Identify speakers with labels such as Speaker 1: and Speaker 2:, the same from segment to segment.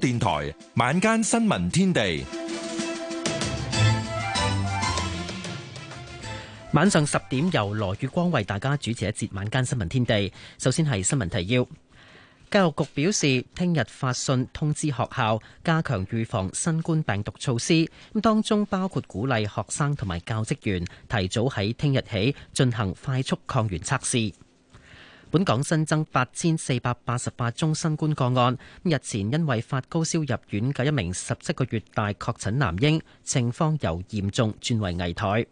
Speaker 1: 電台晚間新聞天地，
Speaker 2: 晚上十點由羅月光為大家主持一節晚間新聞天地。首先係新聞提要，教育局表示，聽日發信通知學校加強預防新冠病毒措施，咁當中包括鼓勵學生同埋教職員提早喺聽日起進行快速抗原測試。本港新增八千四百八十八宗新冠個案。日前因為發高燒入院嘅一名十七個月大確診男嬰，情況由嚴重轉為危殆。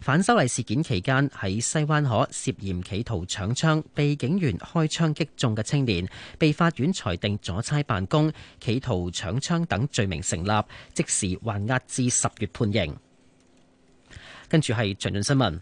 Speaker 2: 反修例事件期間喺西灣河涉嫌企圖搶槍，被警員開槍擊中嘅青年，被法院裁定阻差辦公、企圖搶槍等罪名成立，即時還押至十月判刑。跟住係詳盡新聞。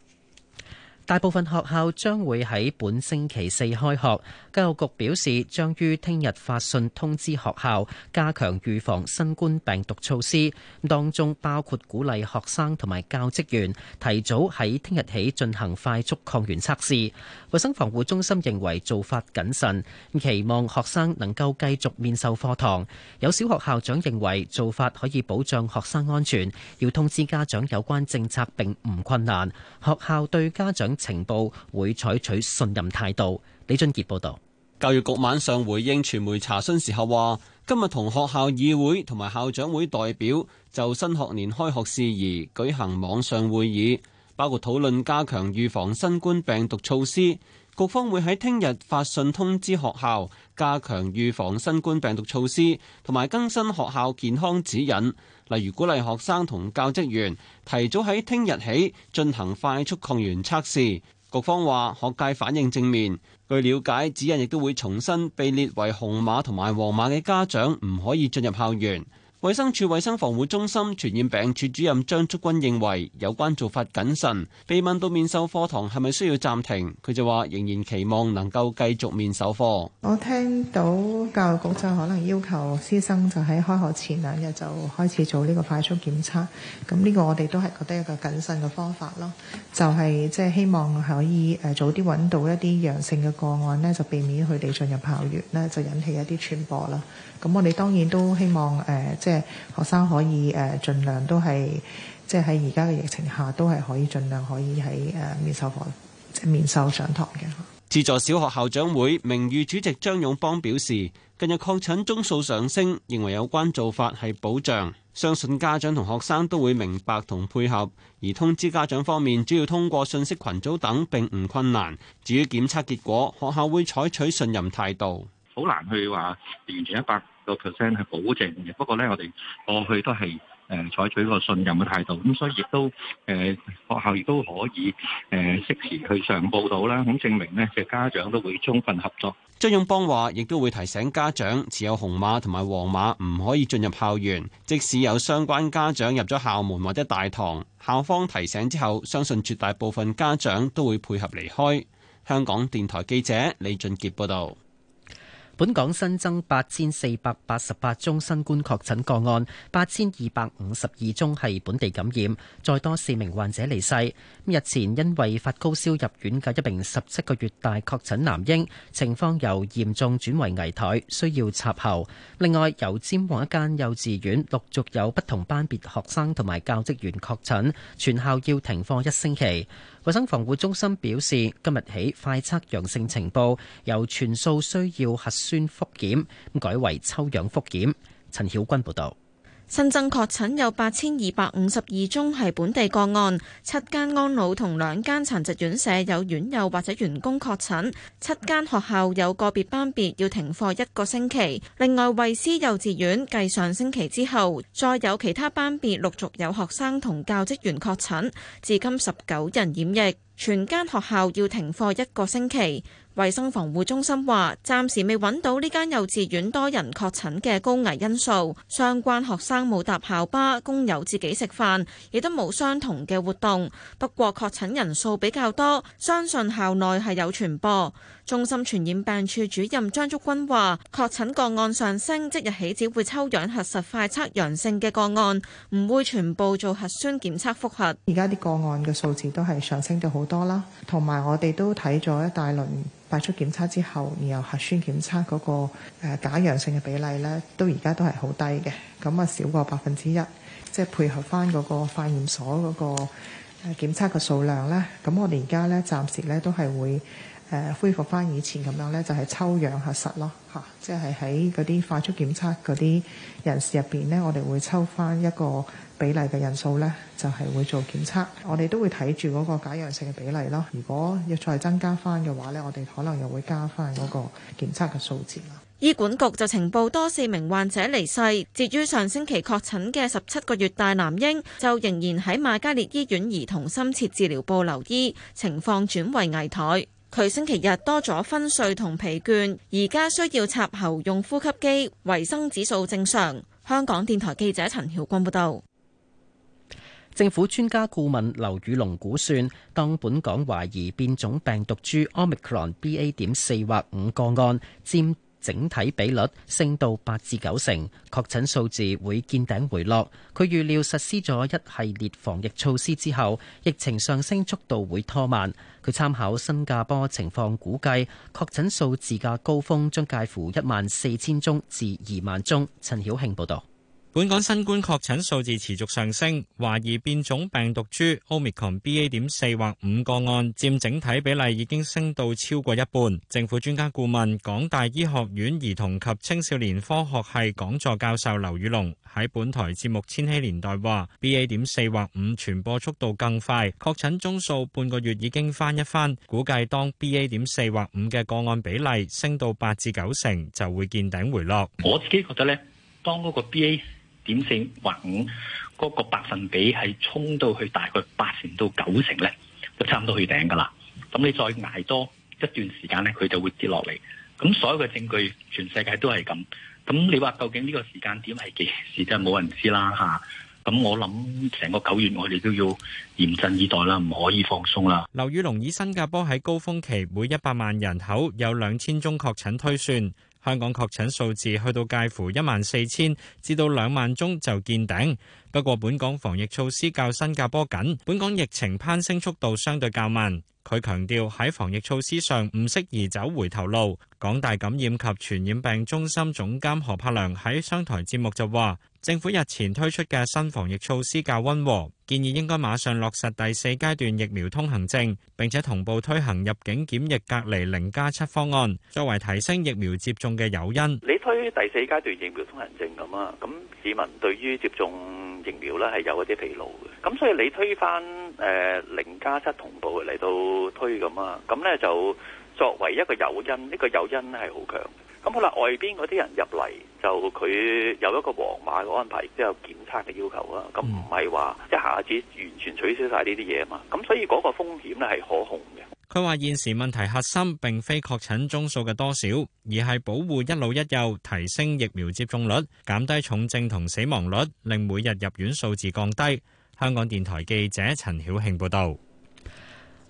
Speaker 2: 大部分學校將會喺本星期四開學，教育局表示，將於聽日發信通知學校加強預防新冠病毒措施，當中包括鼓勵學生同埋教職員提早喺聽日起進行快速抗原測試，衛生防護中心認為做法謹慎，期望學生能夠繼續面授課堂。有小學校長認為做法可以保障學生安全，要通知家長有關政策並唔困難，學校對家長。情報會採取信任態度。李俊杰報道，
Speaker 3: 教育局晚上回應傳媒查詢時候話，今日同學校議會同埋校長會代表就新學年開學事宜舉行網上會議，包括討論加強預防新冠病毒措施。局方會喺聽日發信通知學校加強預防新冠病毒措施，同埋更新學校健康指引。例如鼓勵學生同教職員提早喺聽日起進行快速抗原測試，局方話學界反應正面。據了解，指引亦都會重新被列為紅碼、同埋黃碼嘅家長唔可以進入校園。衛生署衛生防護中心傳染病處主任張竹君認為有關做法謹慎。被問到面授課堂係咪需要暫停？佢就話仍然期望能夠繼續面授課。
Speaker 4: 我聽到教育局就可能要求師生就喺開學前兩日就開始做呢個快速檢測。咁呢個我哋都係覺得一個謹慎嘅方法咯，就係即係希望可以誒早啲揾到一啲陽性嘅個案，呢就避免佢哋進入校園，呢就引起一啲傳播啦。咁我哋當然都希望誒即係。呃，就是學生可以誒盡量都係，即係喺而家嘅疫情下都係可以盡量可以喺誒面授課，即係面授上堂嘅。
Speaker 3: 自助小學校長會名譽主席張勇邦表示，近日確診宗數上升，認為有關做法係保障，相信家長同學生都會明白同配合，而通知家長方面主要通過信息群組等並唔困難。至於檢測結果，學校會採取信任態度。
Speaker 5: 好難去話完全一百個 percent 係保證嘅，不過呢，我哋過去都係誒採取一個信任嘅態度，咁所以亦都誒學校亦都可以誒適時去上報到啦，咁證明呢，嘅家長都會充分合作。
Speaker 3: 張勇邦話，亦都會提醒家長，持有紅馬同埋黃馬唔可以進入校園，即使有相關家長入咗校門或者大堂，校方提醒之後，相信絕大部分家長都會配合離開。香港電台記者李俊傑報道。本港新增八千四百八十八宗新冠確診個案，
Speaker 2: 八千二百五十二宗係本地感染，再多四名患者離世。日前因為發高燒入院嘅一名十七個月大確診男嬰，情況由嚴重轉為危殆，需要插喉。另外，由尖旺一間幼稚園陸續有不同班別學生同埋教職員確診，全校要停課一星期。衛生防護中心表示，今日起快測陽性情報由全數需要核酸復檢，改為抽樣復檢，陳曉君報道。
Speaker 6: 新增確診有八千二百五十二宗，係本地個案。七間安老同兩間殘疾院舍有院友或者員工確診，七間學校有個別班別要停課一個星期。另外，惠斯幼稚園繼上星期之後，再有其他班別陸續有學生同教職員確診，至今十九人染疫，全間學校要停課一個星期。衛生防護中心話，暫時未揾到呢間幼稚園多人確診嘅高危因素，相關學生冇搭校巴，工友自己食飯，亦都冇相同嘅活動。不過確診人數比較多，相信校內係有傳播。中心傳染病處主任張竹君話，確診個案上升，即日起只會抽樣核實快測陽性嘅個案，唔會全部做核酸檢測複核。
Speaker 4: 而家啲個案嘅數字都係上升咗好多啦，同埋我哋都睇咗一大輪快速檢測之後，然後核酸檢測嗰個誒假陽性嘅比例咧，都而家都係好低嘅，咁啊少過百分之一。即係配合翻嗰個化驗所嗰個誒檢測嘅數量咧，咁我哋而家咧暫時咧都係會。誒恢復翻以前咁樣咧，就係抽樣核實咯嚇，即係喺嗰啲快速檢測嗰啲人士入邊呢，我哋會抽翻一個比例嘅人數咧，就係會做檢測。我哋都會睇住嗰個假陽性嘅比例咯。如果要再增加翻嘅話咧，我哋可能又會加翻嗰個檢測嘅數字啦。
Speaker 6: 醫管局就情報多四名患者離世，至於上星期確診嘅十七個月大男嬰就仍然喺瑪嘉烈醫院兒童深切治療部留醫，情況轉為危殆。佢星期日多咗昏睡同疲倦，而家需要插喉用呼吸機，維生指數正常。香港電台記者陳曉君報道。
Speaker 2: 政府專家顧問劉宇龍估算，當本港懷疑變種病毒株 Omicron BA. 點四或五個案佔整體比率升到八至九成，確診數字會見頂回落。佢預料實施咗一系列防疫措施之後，疫情上升速度會拖慢。佢參考新加坡情況估計，確診數字嘅高峰將介乎一萬四千宗至二萬宗。陳曉慶報導。本港新冠確診數字
Speaker 7: 持續上升，懷疑變種病毒株 Omicron BA. 點四或五個案占整體比例已經升到超過一半。政府專家顧問、港大醫學院兒童及青少年科學系講座教授劉宇龍喺本台節目《千禧年代》話：BA. 點四或五傳播速度更快，確診宗數半個月已經翻一翻。估計當 BA. 點四或五嘅個案比例升到八至九成，就會見頂回落。
Speaker 5: 我自己覺得呢，當嗰個 BA 點
Speaker 7: 四或五嗰個百分比係衝到去大概八成到九成咧，就差唔多去頂噶啦。咁你再捱多一段時間咧，佢就會跌落嚟。咁所有嘅證據，全世界都係咁。咁你話究竟呢個時間點係幾時？真係冇人知啦吓，咁我諗成個九月，我哋都要嚴陣以待啦，唔可以放鬆啦。劉宇龍以新加坡喺高峰期每一百萬人口有兩千宗確診推算。香港確診數字去到介乎一萬四千至到兩萬宗就見頂。不過本港防疫措施較新加坡緊，本港疫情攀升速度相對較慢。佢強調喺防疫措施上唔適宜走回頭路。港大感染及傳染病中心總監何柏良喺商台節目就話：政府日前推出嘅新防疫措施較溫和，建議應該馬上落實第四階段疫苗通行證，並且同步推行入境檢疫隔離零加七方案，作為提升疫苗接種嘅誘因。
Speaker 5: 你推第四階段疫苗通行證咁啊？咁市民對於接種……疫苗咧係有一啲疲勞嘅，咁所以你推翻誒零加七同步嚟到推咁啊，咁咧就作為一個誘因，呢個誘因咧係好強嘅。咁好啦，外邊嗰啲人入嚟就佢有一個黃碼嘅安排，亦都、就係、有檢測嘅要求啊。咁唔係話一下子完全取消晒呢啲嘢啊嘛。咁所以嗰個風險咧係可控
Speaker 7: 嘅。佢話：現時問題核心並非確診宗數嘅多少，而係保護一老一幼，提升疫苗接種率，減低重症同死亡率，令每日入院數字降低。香港電台記者陳曉慶報導。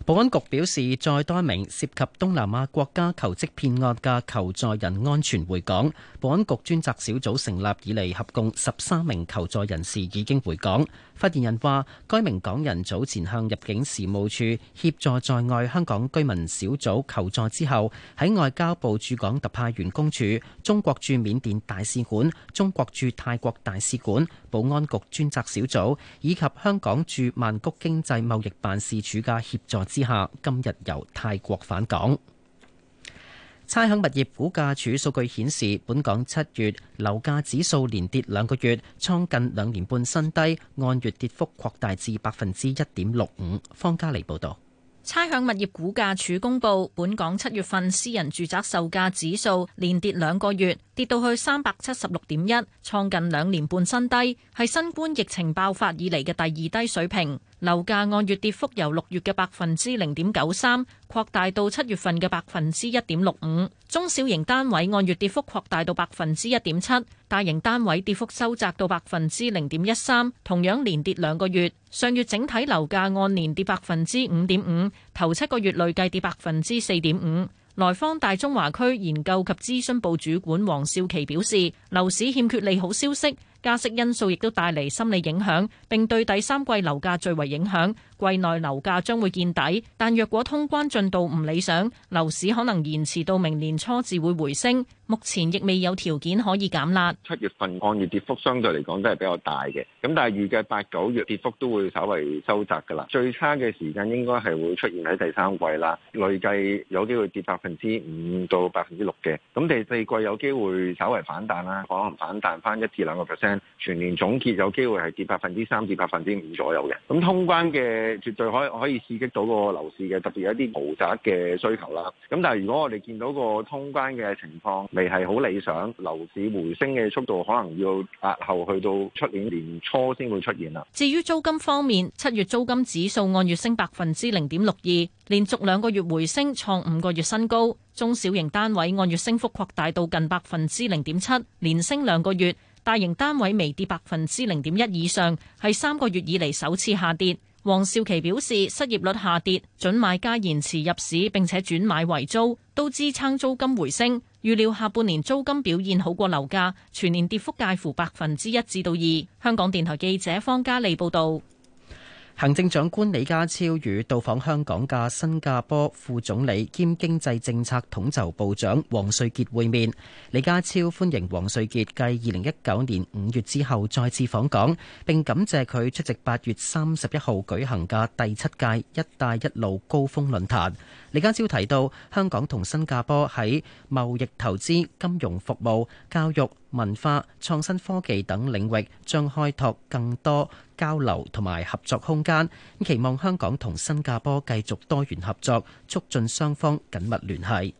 Speaker 2: 保安局表示，再多一名涉及東南亞國家求職騙案嘅求助人安全回港。保安局專責小組成立以嚟，合共十三名求助人士已經回港。發言人話，該名港人早前向入境事務處協助在外香港居民小組求助之後，喺外交部駐港特派員公署、中國駐緬甸大使館、中國駐泰國大使館、保安局專責小組以及香港駐曼谷經濟貿易辦事處嘅協助。之下，今日由泰國返港。差餉物業估價署數據顯示，本港七月樓價指數連跌兩個月，創近兩年半新低，按月跌幅擴大至百分之一點六五。方嘉莉報道，
Speaker 8: 差餉物業估價署公布，本港七月份私人住宅售價指數連跌兩個月。跌到去三百七十六點一，創近兩年半新低，係新冠疫情爆發以嚟嘅第二低水平。樓價按月跌幅由六月嘅百分之零點九三擴大到七月份嘅百分之一點六五，中小型單位按月跌幅擴大到百分之一點七，大型單位跌幅收窄到百分之零點一三，同樣連跌兩個月。上月整體樓價按年跌百分之五點五，頭七個月累計跌百分之四點五。萊坊大中華區研究及諮詢部主管黃少琪表示，樓市欠缺利好消息。加息因素亦都帶嚟心理影響，並對第三季樓價最為影響。季內樓價將會見底，但若果通關進度唔理想，樓市可能延遲到明年初至會回升。目前亦未有條件可以減辣。
Speaker 5: 七月份按月跌幅相對嚟講都係比較大嘅，咁但係預計八九月跌幅都會稍為收窄㗎啦。最差嘅時間應該係會出現喺第三季啦，累計有機會跌百分之五到百分之六嘅。咁第四季有機會稍為反彈啦，可能反彈返一至兩個 percent。全年總結有機會係跌百分之三至百分之五左右嘅。咁通關嘅絕對可可以刺激到個樓市嘅，特別一啲豪宅嘅需求啦。咁但係如果我哋見到個通關嘅情況未係好理想，樓市回升嘅速度可能要押後去到出年年初先會出現啦。
Speaker 8: 至於租金方面，七月租金指數按月升百分之零點六二，連續兩個月回升，創五個月新高。中小型單位按月升幅擴大到近百分之零點七，連升兩個月。大型單位微跌百分之零點一以上，係三個月以嚟首次下跌。黃少琪表示，失業率下跌、準買家延遲入市並且轉買為租，都支撐租金回升。預料下半年租金表現好過樓價，全年跌幅介乎百分之一至到二。香港電台記者方嘉莉報導。
Speaker 2: 行政長官李家超與到訪香港嘅新加坡副總理兼經濟政策統籌部長王瑞傑會面。李家超歡迎王瑞傑繼二零一九年五月之後再次訪港，並感謝佢出席八月三十一號舉行嘅第七屆一帶一路高峰論壇。李家超提到，香港同新加坡喺貿易、投資、金融服務、教育。文化、創新科技等領域將開拓更多交流同埋合作空間，期望香港同新加坡繼續多元合作，促進雙方緊密聯繫。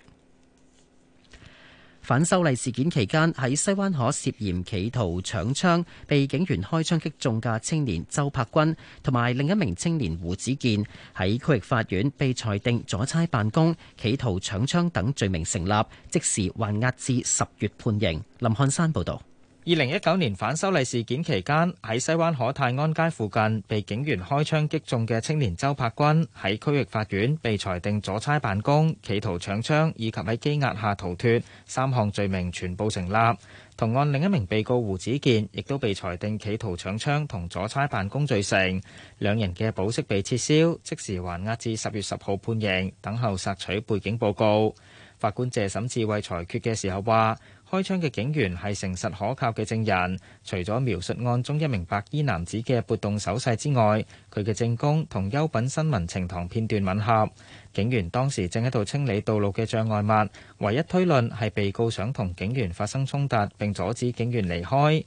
Speaker 2: 反修例事件期間，喺西灣河涉嫌企圖搶槍，被警員開槍擊中嘅青年周柏君，同埋另一名青年胡子健，喺區域法院被裁定阻差辦公、企圖搶槍等罪名成立，即時還押至十月判刑。林漢山報導。
Speaker 9: 二零一九年反修例事件期間，喺西灣河泰安街附近被警員開槍擊中嘅青年周柏君，喺區域法院被裁定阻差辦公、企圖搶槍以及喺羈押下逃脫三項罪名全部成立。同案另一名被告胡子健亦都被裁定企圖搶槍同阻差辦公罪成，兩人嘅保釋被撤銷，即時還押至十月十號判刑，等候索取背景報告。法官謝沈智慧裁決嘅時候話，開槍嘅警員係誠實可靠嘅證人，除咗描述案中一名白衣男子嘅活動手勢之外，佢嘅證供同優品新聞呈堂片段吻合。警員當時正喺度清理道路嘅障礙物，唯一推論係被告想同警員發生衝突，並阻止警員離開。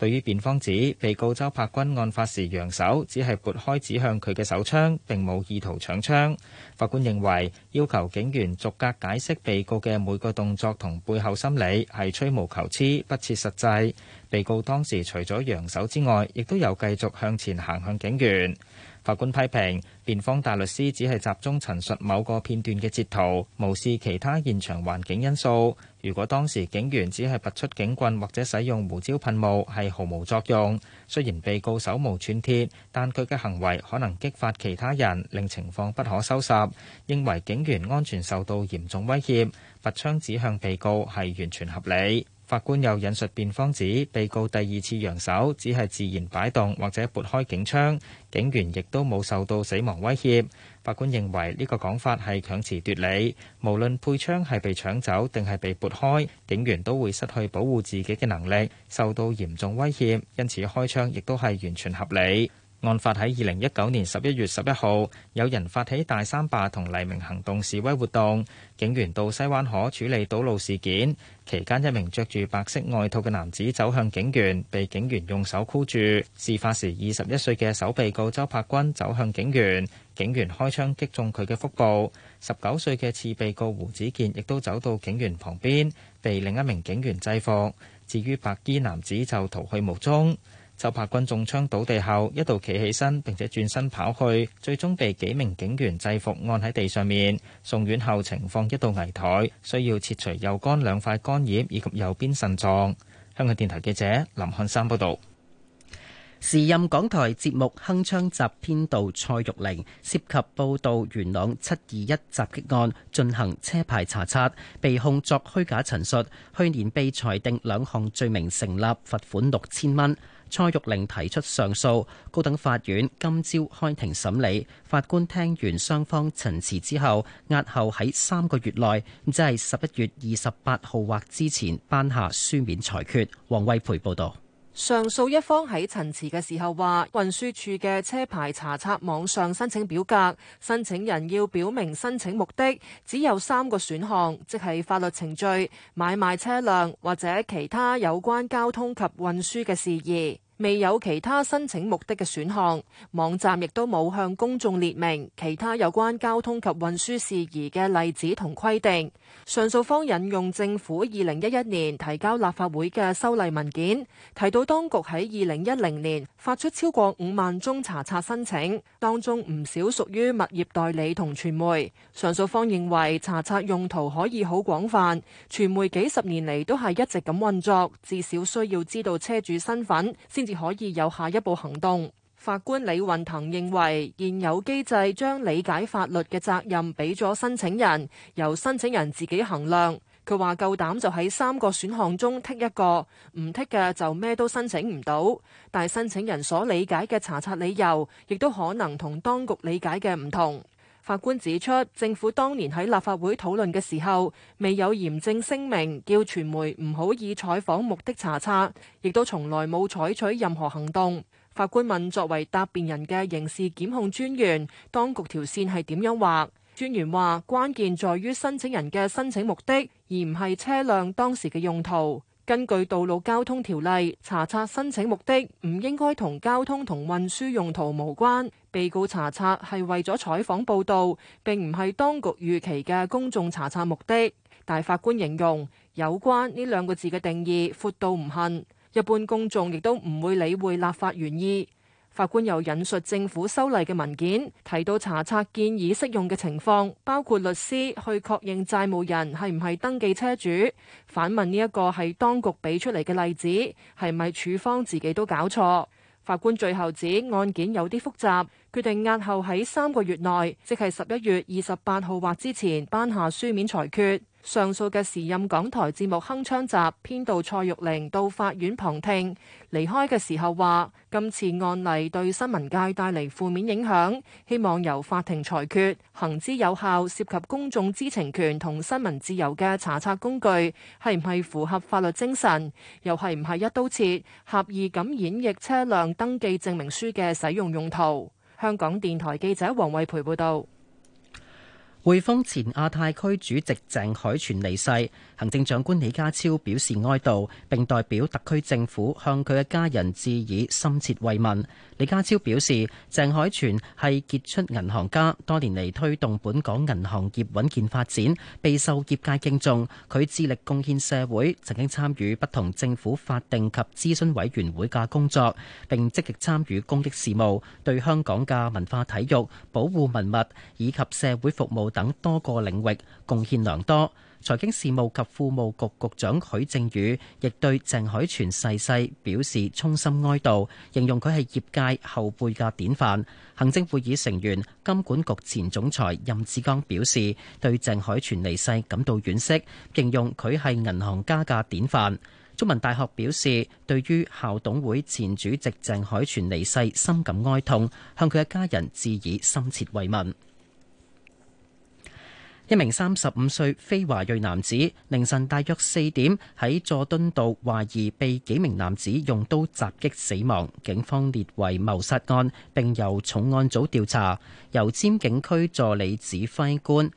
Speaker 9: 對於辯方指被告周柏君案發時揚手，只係撥開指向佢嘅手槍，並冇意圖搶槍，法官認為要求警員逐格解釋被告嘅每個動作同背後心理係吹毛求疵、不切實際。被告當時除咗揚手之外，亦都有繼續向前行向警員。法官批評，辯方大律師只係集中陳述某個片段嘅截圖，無視其他現場環境因素。如果當時警員只係拔出警棍或者使用胡椒噴霧，係毫無作用。雖然被告手無寸鐵，但佢嘅行為可能激發其他人，令情況不可收拾。認為警員安全受到嚴重威脅，拔槍指向被告係完全合理。法官又引述辯方指，被告第二次揚手只係自然擺動或者撥開警槍，警員亦都冇受到死亡威脅。法官認為呢個講法係強詞奪理。無論配槍係被搶走定係被撥開，警員都會失去保護自己嘅能力，受到嚴重威脅，因此開槍亦都係完全合理。案發喺二零一九年十一月十一號，有人發起大三罷同黎明行動示威活動，警員到西灣河處理堵路事件。期間，一名着住白色外套嘅男子走向警員，被警員用手箍住。事發時，二十一歲嘅首被告周柏君走向警員，警員開槍擊中佢嘅腹部。十九歲嘅次被告胡子健亦都走到警員旁邊，被另一名警員制服。至於白衣男子就逃去無蹤。受拍棍中槍倒地後，一度企起身並且轉身跑去，最終被幾名警員制服，按喺地上面送院後，情況一度危殆，需要切除右肝兩
Speaker 2: 塊肝葉以及右邊腎臟。香港電台記者林漢山報道。時任港台節目《鏗鏘集》編導蔡玉玲涉及報道元朗七二一襲擊案進行車牌查冊，被控作虛假陳述，去年被裁定兩項罪名成立罰，罰款六千蚊。蔡玉玲提出上訴，高等法院今朝開庭審理，法官聽完雙方陳詞之後，押後喺三個月內，即係十一月二十八號或之前，頒下書面裁決，黃惠培報道。
Speaker 10: 上述一方喺陳詞嘅時候話，運輸署嘅車牌查冊網上申請表格，申請人要表明申請目的，只有三個選項，即係法律程序、買賣車輛或者其他有關交通及運輸嘅事宜。未有其他申請目的嘅選項，網站亦都冇向公眾列明其他有關交通及運輸事宜嘅例子同規定。上訴方引用政府二零一一年提交立法會嘅修例文件，提到當局喺二零一零年發出超過五萬宗查冊申請，當中唔少屬於物業代理同傳媒。上訴方認為查冊用途可以好廣泛，傳媒幾十年嚟都係一直咁運作，至少需要知道車主身份先至可以有下一步行動。法官李運騰認為，現有機制將理解法律嘅責任俾咗申請人，由申請人自己衡量。佢話夠膽就喺三個選項中剔一個，唔剔嘅就咩都申請唔到。但係申請人所理解嘅查冊理由，亦都可能同當局理解嘅唔同。法官指出，政府當年喺立法會討論嘅時候，未有嚴正聲明叫傳媒唔好以採訪目的查冊，亦都從來冇採取任何行動。法官問：作為答辯人嘅刑事檢控專員，當局條線係點樣畫？專員話：關鍵在於申請人嘅申請目的，而唔係車輛當時嘅用途。根據道路交通條例，查冊申請目的唔應該同交通同運輸用途無關。被告查冊係為咗採訪報導，並唔係當局預期嘅公眾查冊目的。但法官形容有關呢兩個字嘅定義闊到唔限，一般公眾亦都唔會理會立法原意。法官又引述政府修例嘅文件，提到查冊建議適用嘅情況，包括律師去確認債務人係唔係登記車主，反問呢一個係當局俾出嚟嘅例子，係咪處方自己都搞錯？法官最後指案件有啲複雜，決定押後喺三個月內，即係十一月二十八號或之前頒下書面裁決。上訴嘅時任港台節目《鏗鏘集》編導蔡玉玲到法院旁聽，離開嘅時候話：今次案例對新聞界帶嚟負面影響，希望由法庭裁決，行之有效。涉及公眾知情權同新聞自由嘅查冊工具，係唔係符合法律精神，又係唔係一刀切、狹義咁演繹車輛登記證明書嘅使用用途？香港電台記者黃慧培報導。
Speaker 2: 匯豐前亞太區主席鄭海泉離世。行政長官李家超表示哀悼，並代表特區政府向佢嘅家人致以深切慰問。李家超表示，鄭海泉係傑出銀行家，多年嚟推動本港銀行業穩健發展，備受業界敬重。佢致力貢獻社會，曾經參與不同政府法定及諮詢委員會嘅工作，並積極參與公益事務，對香港嘅文化體育、保護文物以及社會服務等多個領域貢獻良多。財經事務及庫務局局長許正宇亦對鄭海泉逝世，世表示衷心哀悼，形容佢係業界後輩嘅典範。行政會議成員金管局前總裁任志剛表示對鄭海泉離世感到惋惜，形容佢係銀行家嘅典範。中文大學表示對於校董會前主席鄭海泉離世深感哀痛，向佢嘅家人致以深切慰問。一名三十五歲非華裔男子，凌晨大約四點喺佐敦道，懷疑被幾名男子用刀襲擊死亡，警方列為謀殺案，並由重案組調查，由尖警區助理指揮官。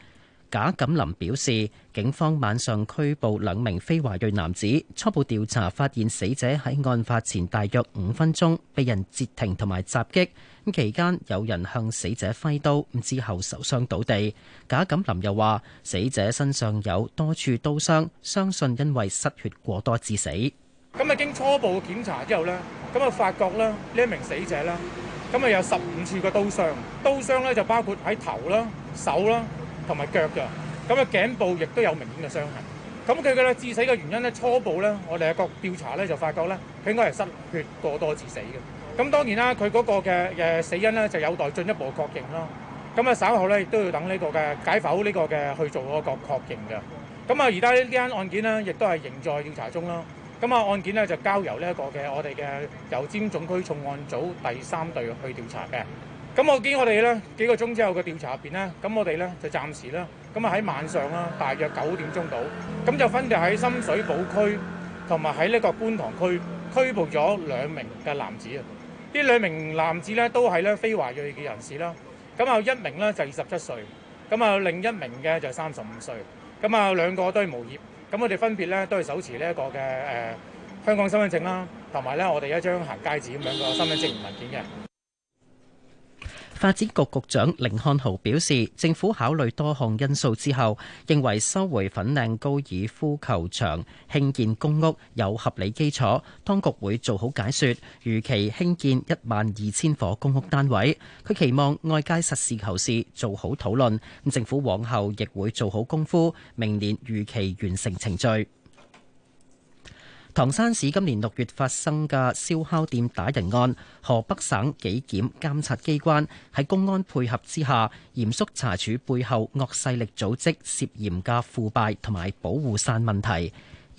Speaker 2: 賈錦林表示，警方晚上拘捕兩名非華裔男子。初步調查發現，死者喺案發前大約五分鐘被人截停同埋襲擊。咁期間有人向死者揮刀，之後受傷倒地。賈錦林又話，死者身上有多處刀傷，相信因為失血過多致死。
Speaker 1: 咁啊，經初步檢查之後咧，咁啊發覺咧呢一名死者啦，咁啊有十五處嘅刀傷，刀傷咧就包括喺頭啦、手啦。同埋腳嘅，咁、嗯、嘅頸部亦都有明顯嘅傷痕。咁佢嘅咧致死嘅原因咧，初步咧，我哋一個調查咧就發覺咧，佢應該係失血過多致死嘅。咁、嗯、當然啦，佢嗰個嘅誒死因咧就有待進一步確認咯。咁、嗯、啊稍後咧亦都要等呢個嘅解剖呢個嘅去做一個確認嘅。咁、嗯、啊而家呢間案件咧亦都係仍在調查中咯。咁、嗯、啊案件咧就交由呢一個嘅我哋嘅油尖總區重案組第三隊去調查嘅。咁我見我哋咧幾個鐘之後嘅調查入邊咧，咁我哋咧就暫時啦，咁啊喺晚上啦，大約九點鐘到，咁就分別喺深水埗區同埋喺呢個觀塘區拘捕咗兩名嘅男子啊！呢兩名男子咧都係咧非華裔嘅人士啦，咁啊一名咧就二十七歲，咁啊另一名嘅就三十五歲，咁啊兩個都係無業，咁我哋分別咧都係手持呢一個嘅誒香港身份證啦，同埋咧我哋一張行街紙咁樣嘅身份證明文件嘅。
Speaker 2: 發展局局長凌漢豪表示，政府考慮多項因素之後，認為收回粉嶺高爾夫球場興建公屋有合理基礎，當局會做好解說，如期興建一萬二千伙公屋單位。佢期望外界實事求是做好討論，政府往後亦會做好功夫，明年如期完成程序。唐山市今年六月發生嘅燒烤店打人案，河北省紀檢監察機關喺公安配合之下，嚴肅查處背後惡勢力組織涉嫌嘅腐敗同埋保護傘問題，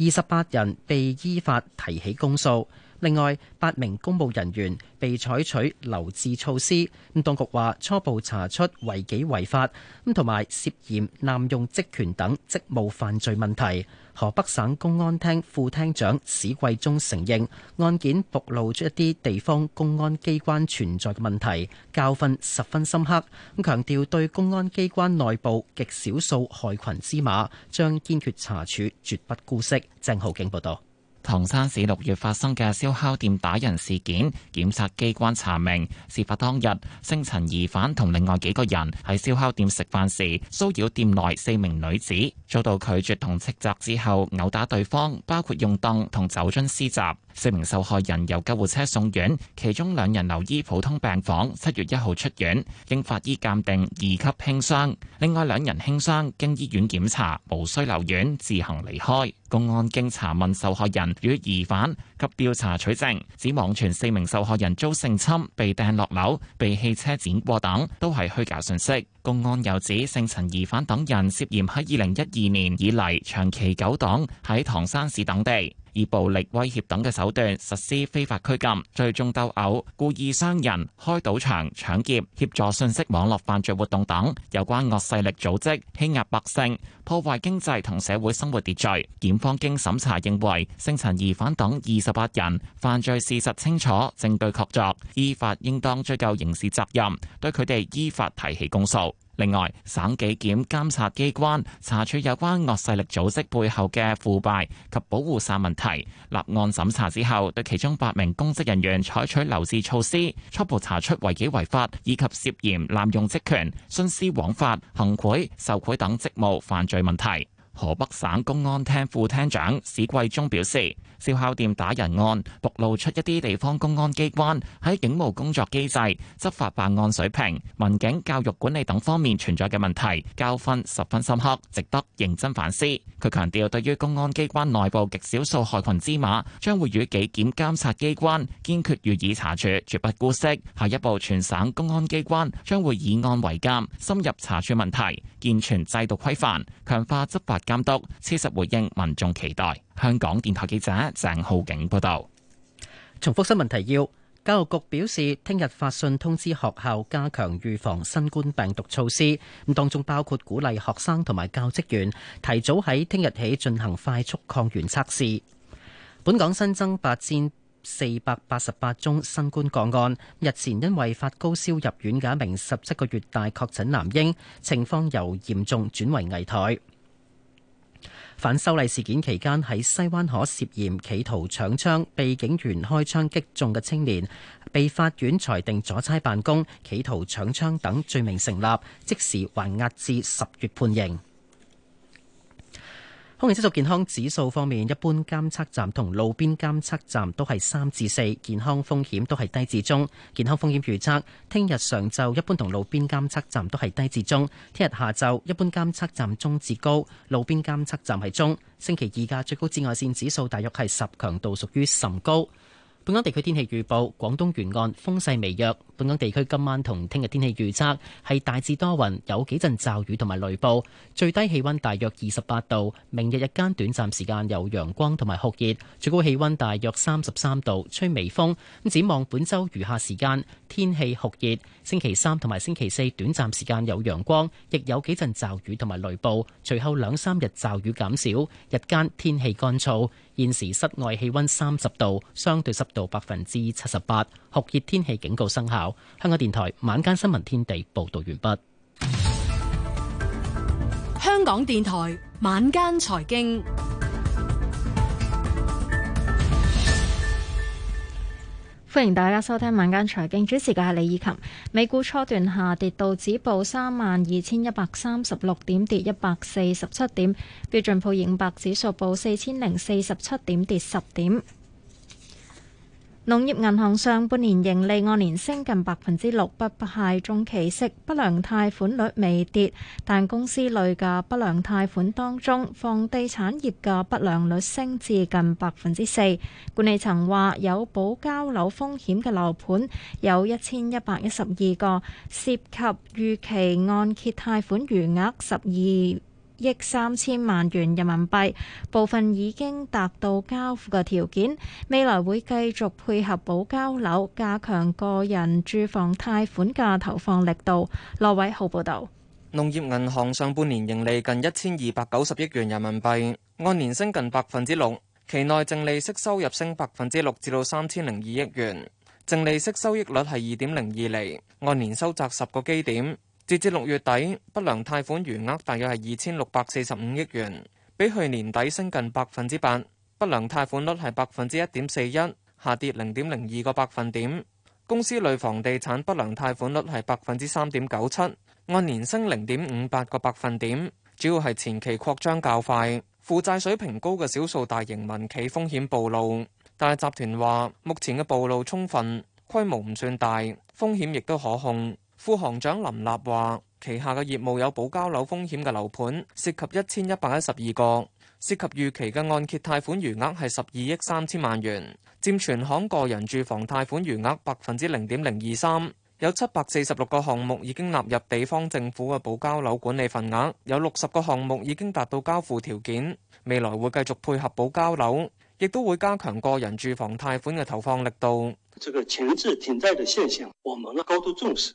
Speaker 2: 二十八人被依法提起公訴。另外，八名公務人員被採取留置措施。咁，當局話初步查出違紀違法，咁同埋涉嫌濫用職權等職務犯罪問題。河北省公安廳副廳長史貴忠承認案件暴露出一啲地方公安機關存在嘅問題，教訓十分深刻。咁強調對公安機關內部極少數害群之馬將堅決查處，絕不姑息。
Speaker 11: 鄭浩景報導。唐山市六月發生嘅燒烤店打人事件，檢察機關查明，事發當日，星辰疑犯同另外幾個人喺燒烤店食飯時，騷擾店內四名女子，遭到拒絕同斥責之後，毆打對方，包括用凳同酒樽施襲。四名受害人由救護車送院，其中兩人留醫普通病房，七月一號出院，經法醫鑒定二級輕傷，另外兩人輕傷經醫院檢查無需留院，自行離開，公安經查問受害人與疑犯及調查取證，指網傳四名受害人遭性侵被、被掟落樓、被汽車碾過等都係虛假信息。公安又指姓陳疑犯等人涉嫌喺二零一二年以嚟長期久黨喺唐山市等地，以暴力威脅等嘅手段實施非法拘禁、聚眾鬥毆、故意傷人、開賭場、搶劫、協助信息網絡犯罪活動等有關惡勢力組織欺壓百姓、破壞經濟同社會生活秩序。檢方經審查認為，星塵疑犯等二十八人犯罪事實清楚，證據確鑿，依法應當追究刑事責任，對佢哋依法提起公訴。另外，省紀檢監察機關查處有關惡勢力組織背後嘅腐敗及保護傘問題，立案審查之後，對其中八名公職人員採取留置措施，初步查出違紀違法以及涉嫌濫用職權、徇私枉法、行賄、受賄等職務犯罪問題。河北省公安廳副廳長史貴忠表示。燒烤店打人案暴露出一啲地方公安機關喺警務工作機制、執法辦案水平、民警教育管理等方面存在嘅問題，教訓十分深刻，值得認真反思。佢強調，對於公安機關內部極少數害群之馬，將會與紀檢監察機關堅決予以查處，絕不姑息。下一步，全省公安機關將會以案為鑑，深入查處問題，健全制度規範，強化執法監督，切實回應民眾期待。香港電台記者鄭浩景報道：重複新聞提要，教育局
Speaker 2: 表示，聽日發信通知學校加強預防新冠病毒措施，咁當中包括鼓勵學生同埋教職員提早喺聽日起進行快速抗原測試。本港新增八千四百八十八宗新冠個案，日前因為發高燒入院嘅一名十七個月大確診男嬰，情況由嚴重轉為危殆。反修例事件期間喺西灣河涉嫌企圖搶槍，被警員開槍擊中嘅青年，被法院裁定阻差辦公、企圖搶槍等罪名成立，即時還押至十月判刑。空氣質素健康指數方面，一般監測站同路邊監測站都係三至四，健康風險都係低至中。健康風險預測：聽日上晝一般同路邊監測站都係低至中，聽日下晝一般監測站中至高，路邊監測站係中。星期二嘅最高紫外線指數大約係十，強度屬於甚高。本港地區天氣預報，廣東沿岸風勢微弱。本港地區今晚同聽日天氣預測係大致多雲，有幾陣驟雨同埋雷暴，最低氣温大約二十八度。明日日間短暫時間有陽光同埋酷熱，最高氣温大約三十三度，吹微風。咁展望本週餘下時間，天氣酷熱。星期三同埋星期四短暫時間有陽光，亦有幾陣驟雨同埋雷暴。隨後兩三日驟雨減少，日間天氣乾燥。現時室外氣溫三十度，相對濕度百分之七十八，酷熱天氣警告生效。香港電台晚間新聞天地報道完畢。
Speaker 12: 香港電台晚間財經。歡迎大家收聽
Speaker 13: 晚間財經，主持嘅係李綺琴。美股初段下跌，道指報三萬二千一百三十六點，跌一百四十七點；標準普爾五百指數報四千零四十七點，跌十點。農業銀行上半年盈利按年升近百分之六，不派中期息，不良貸款率未跌，但公司類嘅不良貸款當中，房地產業嘅不良率升至近百分之四。管理層話有保交樓風險嘅樓盤有一千一百一十二個，涉及預期按揭貸款餘額十二億三千萬元人民幣，部分已經達到交付嘅條件，未來會繼續配合保交樓，加強個人住房貸款嘅投放力度。羅偉浩報道。
Speaker 14: 農業銀行上半年盈利近一千二百九十億元人民幣，按年升近百分之六，期內淨利息收入升百分之六，至到三千零二億元，淨利息收益率係二點零二厘，按年收窄十個基點。截至六月底，不良貸款餘額大約係二千六百四十五億元，比去年底升近百分之八。不良貸款率係百分之一點四一，下跌零點零二個百分點。公司類房地產不良貸款率係百分之三點九七，按年升零點五八個百分點，主要係前期擴張較快，負債水平高嘅少數大型民企風險暴露。但係集團話，目前嘅暴露充分，規模唔算大，風險亦都可控。副行長林立話，旗下嘅業務有保交樓風險嘅樓盤涉及一千一百一十二個，涉及預期嘅按揭貸款餘額係十二億三千萬元，佔全行個人住房貸款餘額百分之零點零二三。有七百四十六個項目已經納入地方政府嘅保交樓管理份額，有六十個項目已經達到交付條件。未來會繼續配合保交樓，亦都會加強個人住房貸款嘅投放力度。
Speaker 5: 這個強制停貸嘅現象，我們呢高度重視。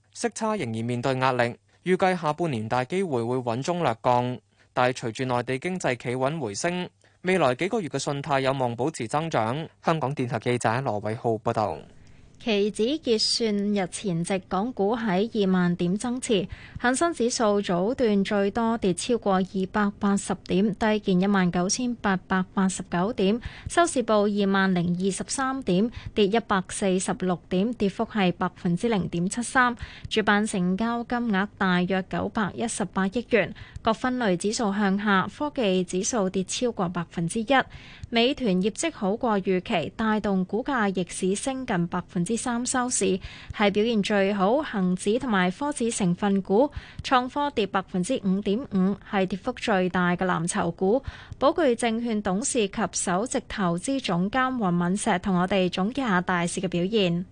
Speaker 14: 息差仍然面對壓力，預計下半年大機會會穩中略降，但隨住內地經濟企穩回升，未來幾個月嘅信貸有望保持增長。香港電台記者羅偉浩報道。
Speaker 13: 期指結算日前值，港股喺二萬點增持，恒生指數早段最多跌超過二百八十點，低見一萬九千八百八十九點，收市報二萬零二十三點，跌一百四十六點，跌幅係百分之零點七三。主板成交金額大約九百一十八億元，各分類指數向下，科技指數跌超過百分之一。美團業績好過預期，帶動股價逆市升近百分。呢三收市係表現最好，恒指同埋科指成分股，創科跌百分之五點五，係跌幅最大嘅藍籌股。寶钜證券董事及首席投資總監黃敏錫同我哋總結下大市嘅表現。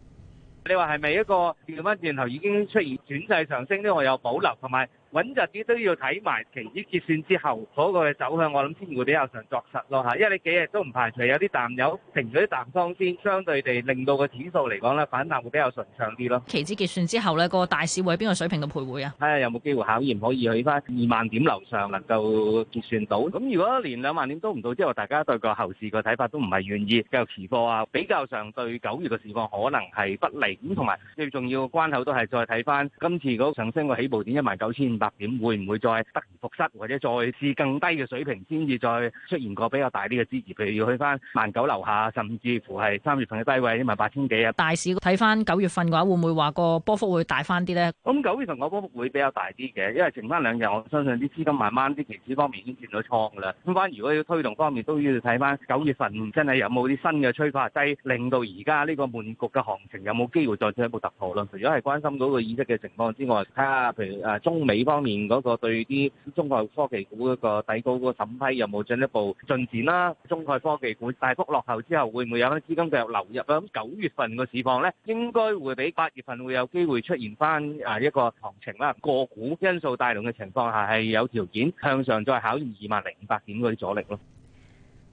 Speaker 5: 你話係咪一個調翻轉頭已經出現轉勢上升呢？我有保留，同埋。穩陣啲都要睇埋期指結算之後嗰、嗰個走向，我諗先會比較上作實咯嚇。因為你幾日都唔排除有啲淡友停咗啲淡方先，先相對地令到個指數嚟講咧反彈會比較順暢啲咯。期指結算之後咧，個大市會喺邊個水平度徘徊啊？睇下、哎、有冇機會考驗可以去翻二萬點樓上能夠結算到。咁如果連兩萬點都唔到之後，即係大家對個後市個睇法都唔係願意繼續持貨啊，比較上對九月個市況可能係不利。咁同埋最重要關口都係再睇翻今次嗰上升個起步點一萬九千。八點會唔會再得而復失，或者再試更低嘅水平，先至再出現個比較大啲嘅支持？譬如要去翻萬九樓下，甚至乎係三月份嘅低位，起碼八千幾啊！大市睇翻九月份嘅話，會唔會話個波幅會大翻啲咧？咁九月份個波幅會比較大啲嘅，因為剩翻兩日，我相信啲資金慢慢啲，期指方面已經轉咗倉噶啦。咁翻，如果要推動方面，都要睇翻九月份真係有冇啲新嘅催化劑，令到而家呢個悶局嘅行情有冇機會再進一步突破咧？除咗係關心到個意識嘅情況之外，睇下譬如誒中美方面嗰個對啲中概科技股嗰個底稿嗰個審批有冇進一步進展啦、啊？中概科技股大幅落後之後，會唔會有啲資金繼續流入啊？咁九月份個市況呢，應該會比八月份會有機會出現翻啊一個行情啦、啊。個股因素帶動嘅情況下，係有條件向上再考二萬零五百點嗰啲阻力咯。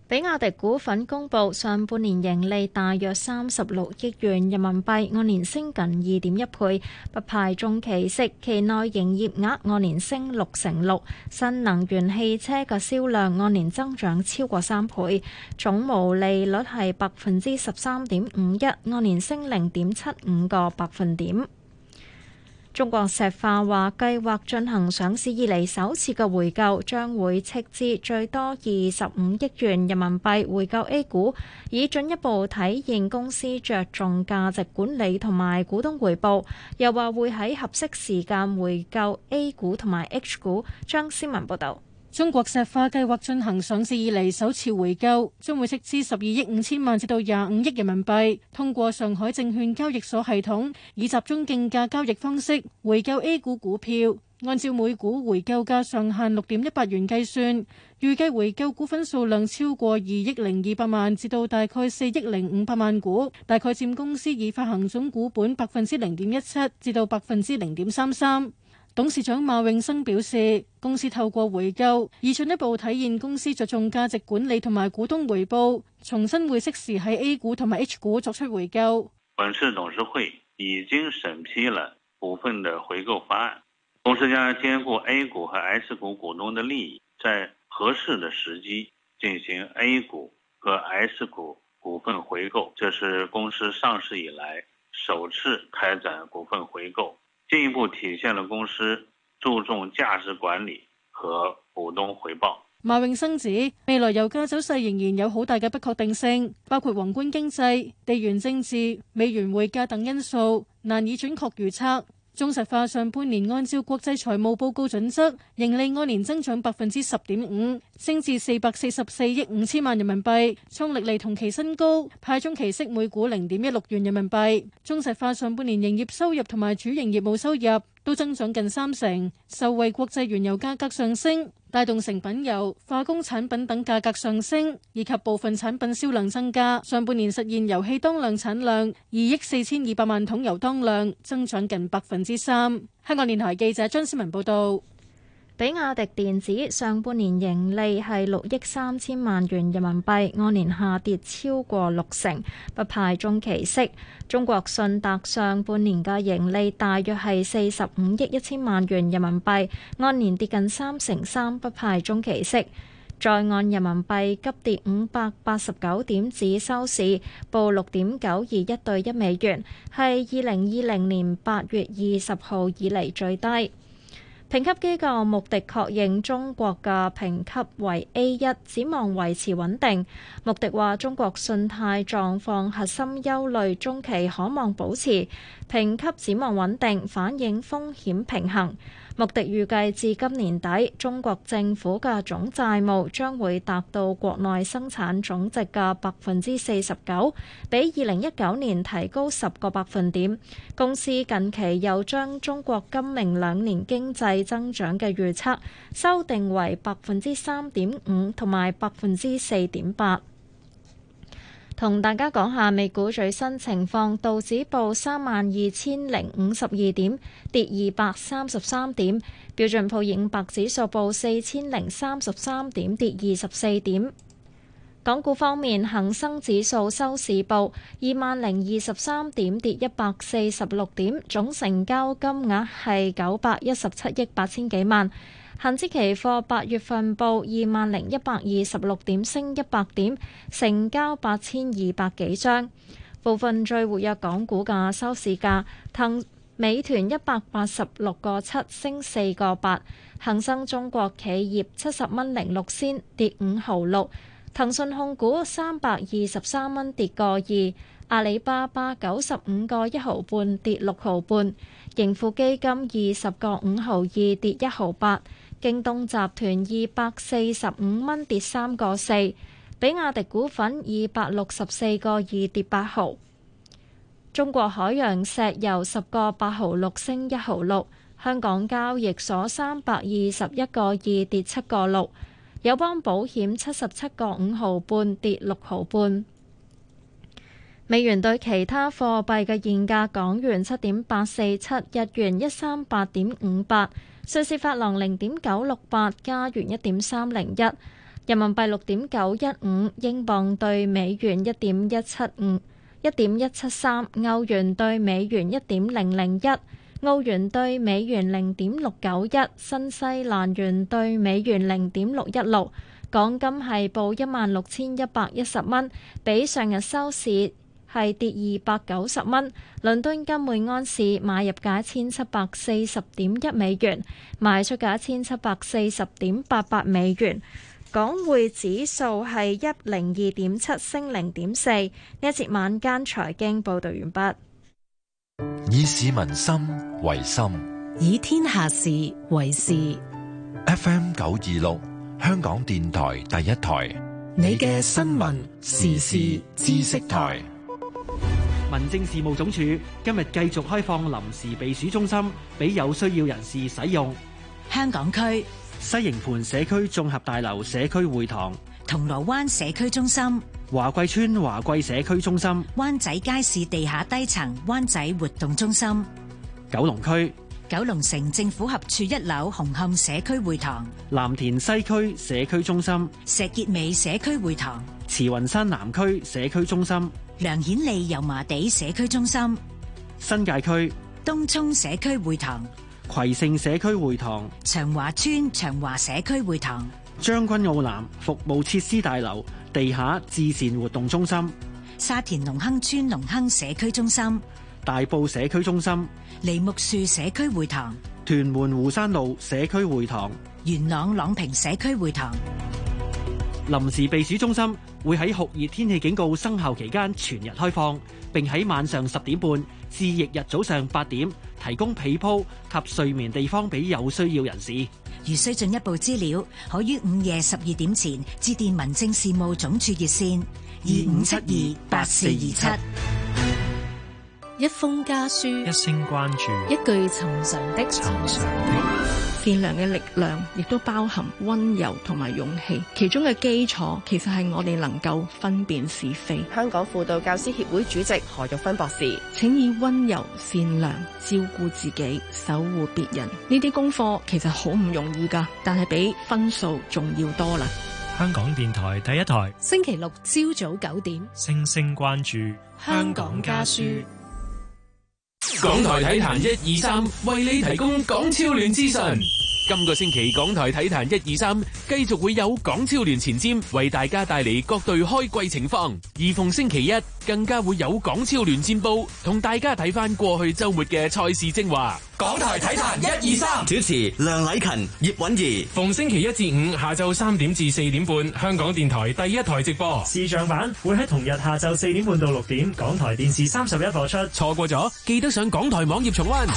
Speaker 13: 比亞迪股份公佈上半年盈利大約三十六億元人民幣，按年升近二點一倍，不派中期息。期內營業額按年升六成六，新能源汽車嘅銷量按年增長超過三倍，總毛利率係百分之十三點五一，按年升零點七五個百分點。中國石化話計劃進行上市以嚟首次嘅回購，將會斥資最多二十五億元人民幣回購 A 股，以進一步體現公司着重價值管理同埋股東回報。又話會喺合適時間回購 A 股同埋 H 股。張思文報
Speaker 12: 道。中國石化計劃進行上市以來首次回購，將會斥資十二億五千萬至到廿五億人民幣，通過上海證券交易所系統以集中競價交易方式回購 A 股股票。按照每股回購價上限六點一八元計算，預計回購股份數量超過二億零二百萬至到大概四億零五百萬股，大概佔公司已發行總股本百分之零點一七至到百分之零點三三。董事長馬永生表示，公司透過回購，以進一步體現公司着重價值管理同埋股東回報，重新會適時喺 A 股同埋 H 股作出回購。
Speaker 7: 本次董事會已經審批了股份的回購方案，公司將兼顧 A 股和 S 股股，股東的利益，在合適的時機進行 A 股和 S 股股份回購，這是公司上市以來首次開展股份回購。進一步體現了公司注重價值管理和
Speaker 11: 股東回報。
Speaker 12: 馬永生指，未來油價走勢仍然有好大嘅不確定性，包括宏觀經濟、地緣政治、美元匯價等因素，難以準確預測。中石化上半年按照國際財務報告準則，盈利按年增長百分之十點五，升至四百四十四億五千萬人民幣，創歷嚟同期新高，派中期息每股零點一六元人民幣。中石化上半年營業收入同埋主營業務收入，都增長近三成，受惠國際原油價格上升，帶動成品油、化工產品等價格上升，以及部分產品銷量增加。上半年實現油氣當量產量二億四千二百萬桶油當量，增長近百分之三。香港電台記者張思文報道。比亞迪電子
Speaker 13: 上半年盈利，係六億三千萬元人民幣，按年下跌超過六成，不派中期息。中國信達上半年嘅盈利大約係四十五億一千萬元人民幣，按年跌近三成三，不派中期息。在岸人民幣急跌五百八十九點，指收市報六點九二一對一美元，係二零二零年八月二十號以嚟最低。評級機構穆迪確認中國嘅評級為 A1，展望維持穩定。穆迪話：中國信貸狀況核心憂慮中期可望保持，評級展望穩定，反映風險平衡。穆迪預計，預計至今年底，中國政府嘅總債務將會達到國內生產總值嘅百分之四十九，比二零一九年提高十個百分點。公司近期又將中國今明兩年經濟增長嘅預測修訂為百分之三點五同埋百分之四點八。同大家講下美股最新情況，道指報三萬二千零五十二點，跌二百三十三點；標準普爾五百指數報四千零三十三點，跌二十四點。港股方面，恒生指數收市報二萬零二十三點，跌一百四十六點，總成交金額係九百一十七億八千幾萬。恒指期貨八月份報二萬零一百二十六點，升一百點，成交八千二百幾張。部分最活躍港股嘅收市價，騰美團一百八十六個七升四個八，恒生中國企業七十蚊零六仙跌五毫六，騰訊控股三百二十三蚊跌個二，阿里巴巴九十五個一毫半跌六毫半，盈富基金二十個五毫二跌一毫八。京東集團二百四十五蚊跌三個四，比亞迪股份二百六十四個二跌八毫，中國海洋石油十個八毫六升一毫六，香港交易所三百二十一個二跌七個六，友邦保險七十七個五毫半跌六毫半。美元兌其他貨幣嘅現價：港元七點八四七，日元一三八點五八，瑞士法郎零點九六八，加元一點三零一，人民幣六點九一五，英鎊對美元一點一七五，一點一七三，歐元對美元一點零零一，澳元對美元零點六九一，新西蘭元對美元零點六一六。港金係報一萬六千一百一十蚊，比上日收市，係跌二百九十蚊。倫敦金每安士買入價一千七百四十點一美元，賣出價一千七百四十點八八美元。港匯指數係一零二點七，升零點四。呢一節晚間財經報導完畢。
Speaker 15: 以市民心
Speaker 5: 為心，
Speaker 8: 以天下事為事。
Speaker 5: 事為事，FM 九二
Speaker 1: 六，香港電台第一台。
Speaker 8: 你嘅新聞時事
Speaker 15: 知識台。民政事務總署今日繼續開放臨時避暑中心，俾有需要人士使用。香港區西營盤社區綜合大樓社區會堂、銅鑼灣社區中心、華貴村華貴社區中心、灣仔街市地下低層灣仔活動中心、九龍區九龍城政府合署一樓紅磡社區會堂、藍田西區社區中心、石硤尾社區會堂、慈雲山南區社區中心。梁顯利油麻地社區中心，新界區東涌社區會堂，葵盛社區會堂，長華村長華社區會堂，將軍澳南服務設施大樓地下至善活動中心，沙田隆亨村隆亨社區中心，大埔社區中心，梨木樹社區會堂，屯門湖山路社區會堂，元朗朗平社區會堂。臨時避暑中心會喺酷熱天氣警告生效期間全日開放，並喺晚上十點半至翌日早上八點提供被鋪及睡眠地方俾有需要人士。如需進一步資料，可於午夜十二點前致電民政事務總處熱線二五七二
Speaker 14: 八四二七。
Speaker 8: 一封家書，
Speaker 14: 一聲關注，
Speaker 8: 一句尋常的尋常的善良嘅力量，亦都包含溫柔同埋勇氣。其中嘅基礎，其實係我哋能夠分辨是非。香港輔導教師協會主席何玉芬博士，請以溫柔善良，善良照顧自己，守護別人。呢啲功課其實好唔容易噶，但係比分數重要多啦。
Speaker 14: 香港電台第一台，
Speaker 8: 星期六朝早九點，
Speaker 14: 聲聲關注
Speaker 8: 香港家書。
Speaker 14: 港台體壇一二三，
Speaker 15: 為你提供港超聯資訊。今個星期港台體壇一二三繼續會有港超聯前瞻，為大家帶嚟各隊開季情況，而逢星期一更加會有港超聯戰報，同大家睇翻過去週末嘅賽事
Speaker 1: 精華。港台體壇一二三，主持梁禮勤、葉韻儀，逢星期一至五下晝三點至四點半，香港電台第一台直播。視像版會喺同日下
Speaker 15: 晝四點半到六點，港台電視三十一播出。錯過咗記得上港台網頁重溫。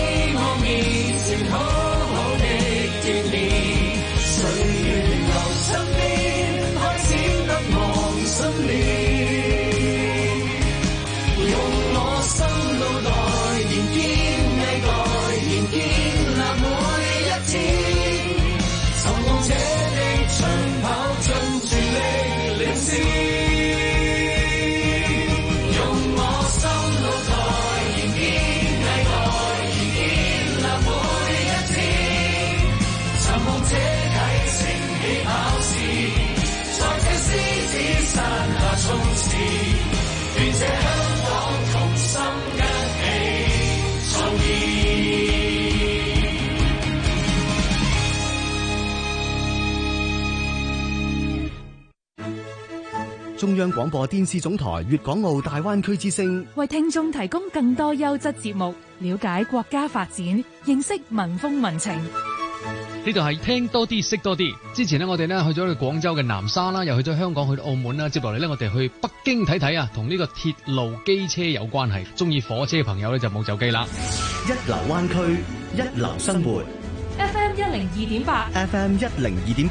Speaker 15: 將廣播電視總台粵港澳大灣區之聲
Speaker 8: 為聽眾提供更多優質節目，了解國家發展，認識民風民情。
Speaker 15: 呢度係聽多啲，識多啲。之前呢，我哋呢去咗去廣州嘅南沙啦，又去咗香港、去澳門啦。接落嚟呢，我哋去北京睇睇啊，同呢個鐵路機車有關係。中意火車嘅朋友呢，就冇走機啦。一
Speaker 6: 流灣區，一流生活。
Speaker 8: FM 一零二點八
Speaker 6: ，FM 一零二點。